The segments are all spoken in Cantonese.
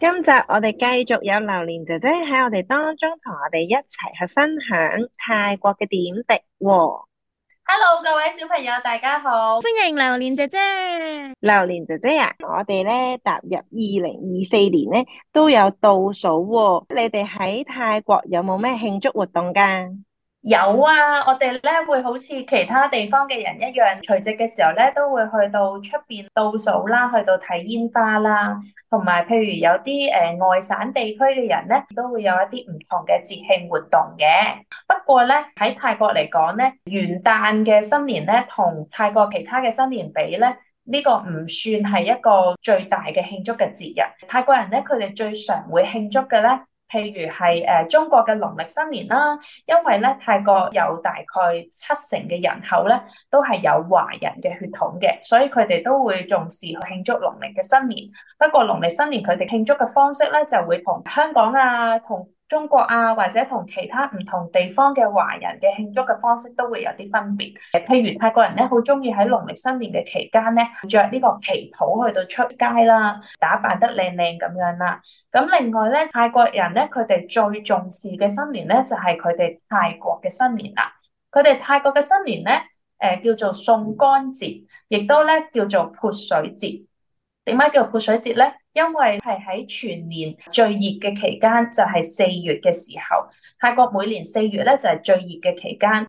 今集我哋繼續有榴蓮姐姐喺我哋當中同我哋一齊去分享泰國嘅點滴哦。Hello，各位小朋友，大家好，歡迎榴蓮姐姐。榴蓮姐姐啊，我哋咧踏入二零二四年咧都有倒數喎。你哋喺泰國有冇咩慶祝活動㗎？有啊，我哋咧會好似其他地方嘅人一樣，除夕嘅時候咧都會去到出邊倒數啦，去到睇煙花啦，同埋譬如有啲誒外省地區嘅人咧，都會有一啲唔同嘅節慶活動嘅。不過咧喺泰國嚟講咧，元旦嘅新年咧同泰國其他嘅新年比咧，呢個唔算係一個最大嘅慶祝嘅節日。泰國人咧，佢哋最常會慶祝嘅咧。譬如係誒中國嘅農曆新年啦，因為咧泰國有大概七成嘅人口咧都係有華人嘅血統嘅，所以佢哋都會重視去慶祝農曆嘅新年。不過農曆新年佢哋慶祝嘅方式咧就會同香港啊同，中國啊，或者同其他唔同地方嘅華人嘅慶祝嘅方式都會有啲分別。譬如泰國人咧，好中意喺農曆新年嘅期間咧，着呢個旗袍去到出街啦，打扮得靚靚咁樣啦。咁另外咧，泰國人咧，佢哋最重視嘅新年咧，就係佢哋泰國嘅新年啦。佢哋泰國嘅新年咧，誒、呃、叫做宋干節，亦都咧叫做潑水節。點解叫做潑水節咧？因為係喺全年最熱嘅期間，就係四月嘅時候。泰國每年四月咧就係最熱嘅期間，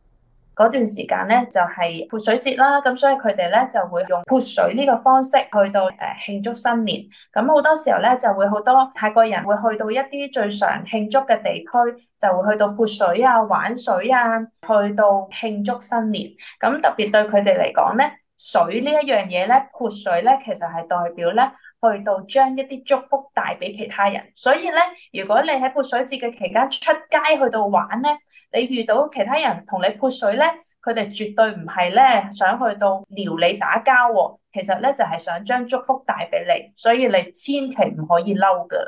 嗰段時間咧就係潑水節啦。咁所以佢哋咧就會用潑水呢個方式去到誒慶祝新年。咁好多時候咧就會好多泰國人會去到一啲最常慶祝嘅地區，就會去到潑水啊、玩水啊，去到慶祝新年。咁特別對佢哋嚟講咧。水呢一樣嘢咧，潑水咧，其實係代表咧，去到將一啲祝福帶俾其他人。所以咧，如果你喺潑水節嘅期間出街去到玩咧，你遇到其他人同你潑水咧，佢哋絕對唔係咧想去到撩你打交、哦，其實咧就係、是、想將祝福帶俾你，所以你千祈唔可以嬲噶。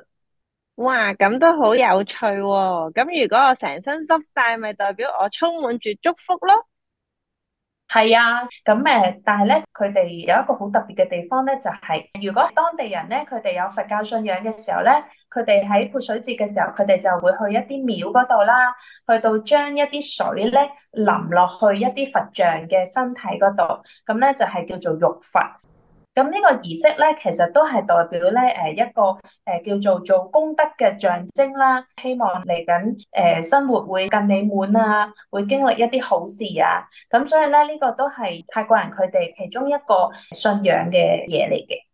哇，咁都好有趣喎、哦！咁如果我成身濕晒，咪代表我充滿住祝福咯？係啊，咁誒，但係咧，佢哋有一個好特別嘅地方咧，就係如果當地人咧，佢哋有佛教信仰嘅時候咧，佢哋喺潑水節嘅時候，佢哋就會去一啲廟嗰度啦，去到將一啲水咧淋落去一啲佛像嘅身體嗰度，咁咧就係叫做浴佛。咁呢個儀式咧，其實都係代表咧，誒一個誒、呃、叫做做功德嘅象徵啦。希望嚟緊誒生活會更美滿啊，會經歷一啲好事啊。咁所以咧，呢、這個都係泰國人佢哋其中一個信仰嘅嘢嚟嘅。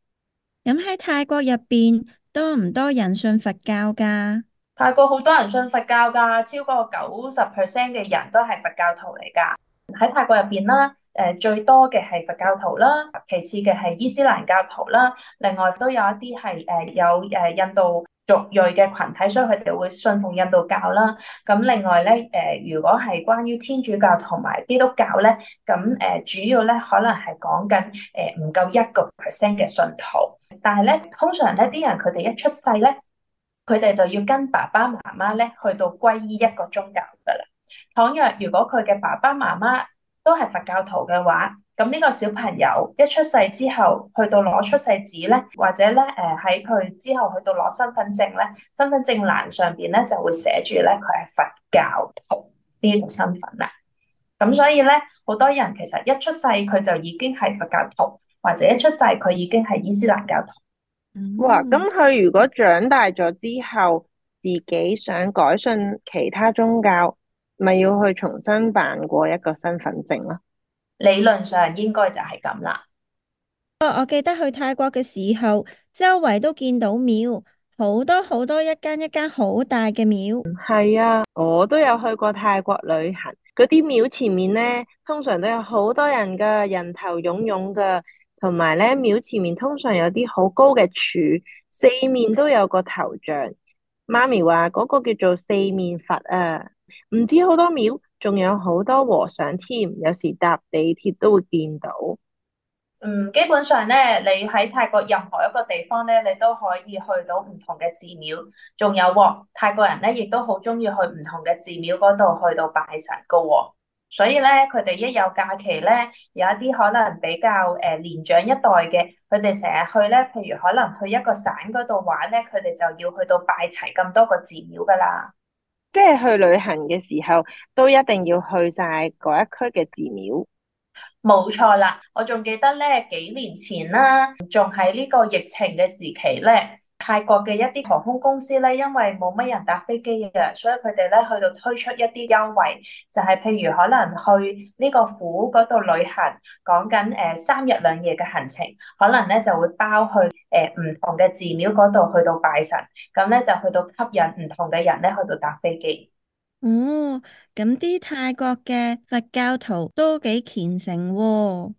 咁喺泰國入邊，多唔多人信佛教噶泰國好多人信佛教噶，超過九十 percent 嘅人都係佛教徒嚟噶。喺泰國入邊啦。誒最多嘅係佛教徒啦，其次嘅係伊斯蘭教徒啦，另外都有一啲係誒有誒印度族裔嘅群體，所以佢哋會信奉印度教啦。咁另外咧，誒如果係關於天主教同埋基督教咧，咁誒主要咧可能係講緊誒唔夠一個 percent 嘅信徒，但係咧通常咧啲人佢哋一出世咧，佢哋就要跟爸爸媽媽咧去到歸依一個宗教㗎喇。倘若如果佢嘅爸爸媽媽，都係佛教徒嘅話，咁呢個小朋友一出世之後，去到攞出世紙咧，或者咧，誒喺佢之後去到攞身份證咧，身份證欄上面咧就會寫住咧佢係佛教徒呢個身份啦。咁所以咧，好多人其實一出世佢就已經係佛教徒，或者一出世佢已經係伊斯蘭教徒。哇！咁佢如果長大咗之後，自己想改信其他宗教？咪要去重新辦過一個身份證咯。理論上應該就係咁啦。哦，我記得去泰國嘅時候，周圍都見到廟，好多好多一間一間好大嘅廟。係啊，我都有去過泰國旅行。嗰啲廟前面呢，通常都有好多人噶，人頭湧湧噶，同埋呢廟前面通常有啲好高嘅柱，四面都有個頭像。媽咪話嗰個叫做四面佛啊。唔止好多廟，仲有好多和尚添。有時搭地鐵都會見到。嗯，基本上咧，你喺泰國任何一個地方咧，你都可以去到唔同嘅寺廟。仲有、哦、泰國人咧，亦都好中意去唔同嘅寺廟嗰度去到拜神噶、哦。所以咧，佢哋一有假期咧，有一啲可能比較誒、呃、年長一代嘅，佢哋成日去咧，譬如可能去一個省嗰度玩咧，佢哋就要去到拜齊咁多個寺廟噶啦。即係去旅行嘅時候，都一定要去晒嗰一區嘅寺廟。冇錯啦，我仲記得咧，幾年前啦，仲喺呢個疫情嘅時期咧。泰國嘅一啲航空公司咧，因為冇乜人搭飛機嘅，所以佢哋咧去到推出一啲優惠，就係譬如可能去呢個府嗰度旅行，講緊誒三日兩夜嘅行程，可能咧就會包去誒唔同嘅寺廟嗰度去到拜神，咁咧就去到吸引唔同嘅人咧去到搭飛機。哦，咁啲泰國嘅佛教徒都幾虔誠喎。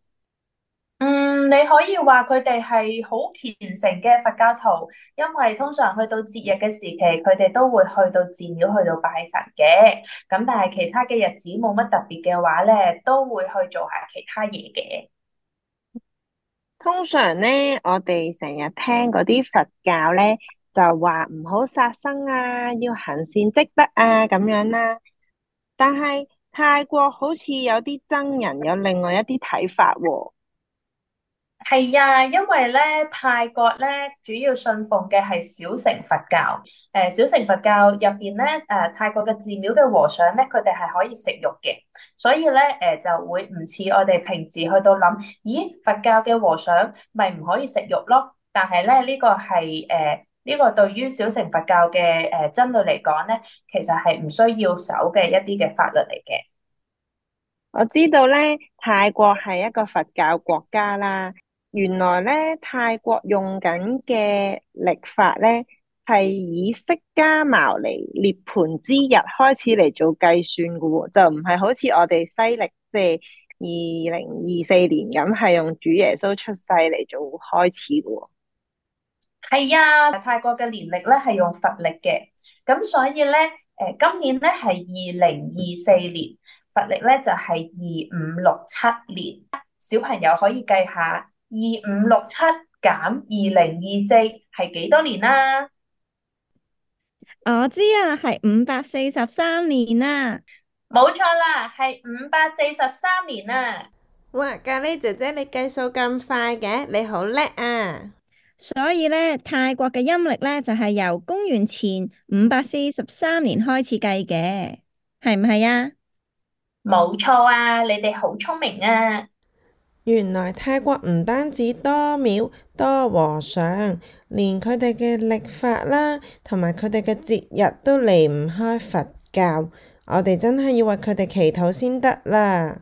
嗯，你可以話佢哋係好虔誠嘅佛教徒，因為通常去到節日嘅時期，佢哋都會去到寺廟去到拜神嘅。咁但係其他嘅日子冇乜特別嘅話咧，都會去做下其他嘢嘅。通常咧，我哋成日聽嗰啲佛教咧，就話唔好殺生啊，要行善積德啊，咁樣啦，啊。但係泰國好似有啲僧人有另外一啲睇法喎，啊。係呀，因為咧泰國咧主要信奉嘅係小乘佛教。誒，小乘佛教入邊咧，誒泰國嘅寺廟嘅和尚咧，佢哋係可以食肉嘅，所以咧誒就會唔似我哋平時去到諗，咦，佛教嘅和尚咪唔可以食肉咯？但係咧呢個係誒呢個對於小乘佛教嘅誒針對嚟講咧，其實係唔需要守嘅一啲嘅法律嚟嘅。我知道咧，泰國係一個佛教國家啦。原來咧，泰國用緊嘅曆法咧係以釋迦牟尼涅盤之日開始嚟做計算噶喎，就唔係好似我哋西曆即係二零二四年咁，係用主耶穌出世嚟做開始噶喎。係啊，泰國嘅年曆咧係用佛曆嘅，咁所以咧，誒，今年咧係二零二四年，佛曆咧就係二五六七年，小朋友可以計下。二五六七減二零二四係幾多年啦？我知啊，係五百四十三年啦，冇錯啦，係五百四十三年啊！年年哇，咖喱姐姐你計數咁快嘅，你好叻啊！所以咧，泰國嘅陰曆咧就係由公元前五百四十三年開始計嘅，係唔係啊？冇錯啊，你哋好聰明啊！原來泰國唔單止多廟，多和尚，連佢哋嘅曆法啦，同埋佢哋嘅節日都離唔開佛教。我哋真係要為佢哋祈禱先得啦！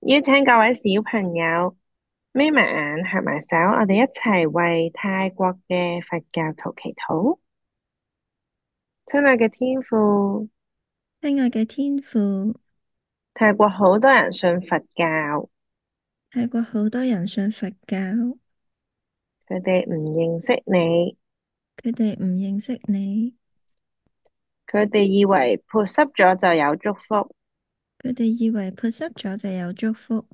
邀請各位小朋友，眯埋眼，合埋手，我哋一齊為泰國嘅佛教徒祈禱。親愛嘅天父，親愛嘅天父，泰國好多人信佛教。泰國好多人信佛教，佢哋唔認識你，佢哋唔認識你，佢哋以為潑濕咗就有祝福，佢哋以為潑濕咗就有祝福，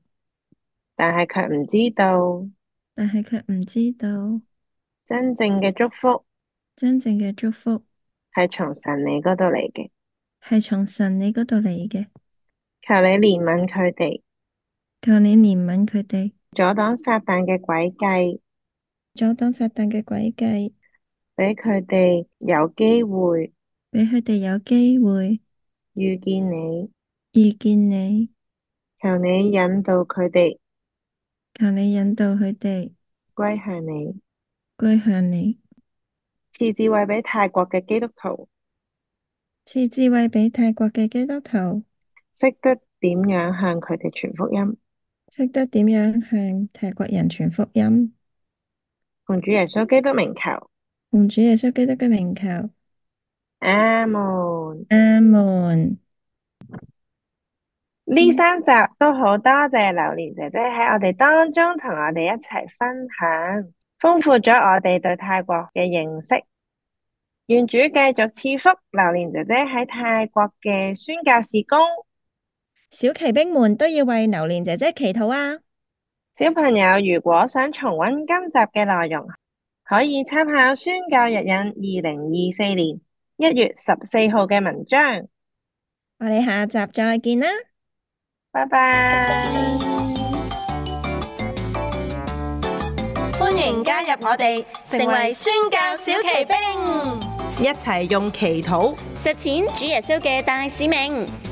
但係卻唔知道，但係卻唔知道真正嘅祝福，真正嘅祝福係從神你嗰度嚟嘅，係從神你嗰度嚟嘅，求你憐憫佢哋。求你憐憫佢哋，阻擋撒旦嘅詭計，阻擋撒旦嘅詭計，畀佢哋有機會，畀佢哋有機會遇見你，遇見你。求你引導佢哋，求你引導佢哋歸向你，歸向你。賜智慧畀泰國嘅基督徒，賜智慧畀泰國嘅基督徒，識得點樣向佢哋傳福音。識得點樣向泰國人傳福音，奉主耶穌基督名求，奉主耶穌基督嘅名求，阿門，阿門。呢三集都好多謝榴櫣姐姐喺我哋當中同我哋一齊分享，豐富咗我哋對泰國嘅認識。願主繼續賜福榴櫣姐姐喺泰國嘅宣教事工。小騎兵們都要為榴蓮姐姐祈禱啊！小朋友，如果想重温今集嘅內容，可以參考宣教日引二零二四年一月十四號嘅文章。我哋下集再見啦，拜拜！歡迎加入我哋，成為宣教小騎兵，一齊用祈禱實踐主耶穌嘅大使命。小朋友，如果想成文監雜的內容，可以參考宣教人2014年1月14號的文章。好了，再見你呢。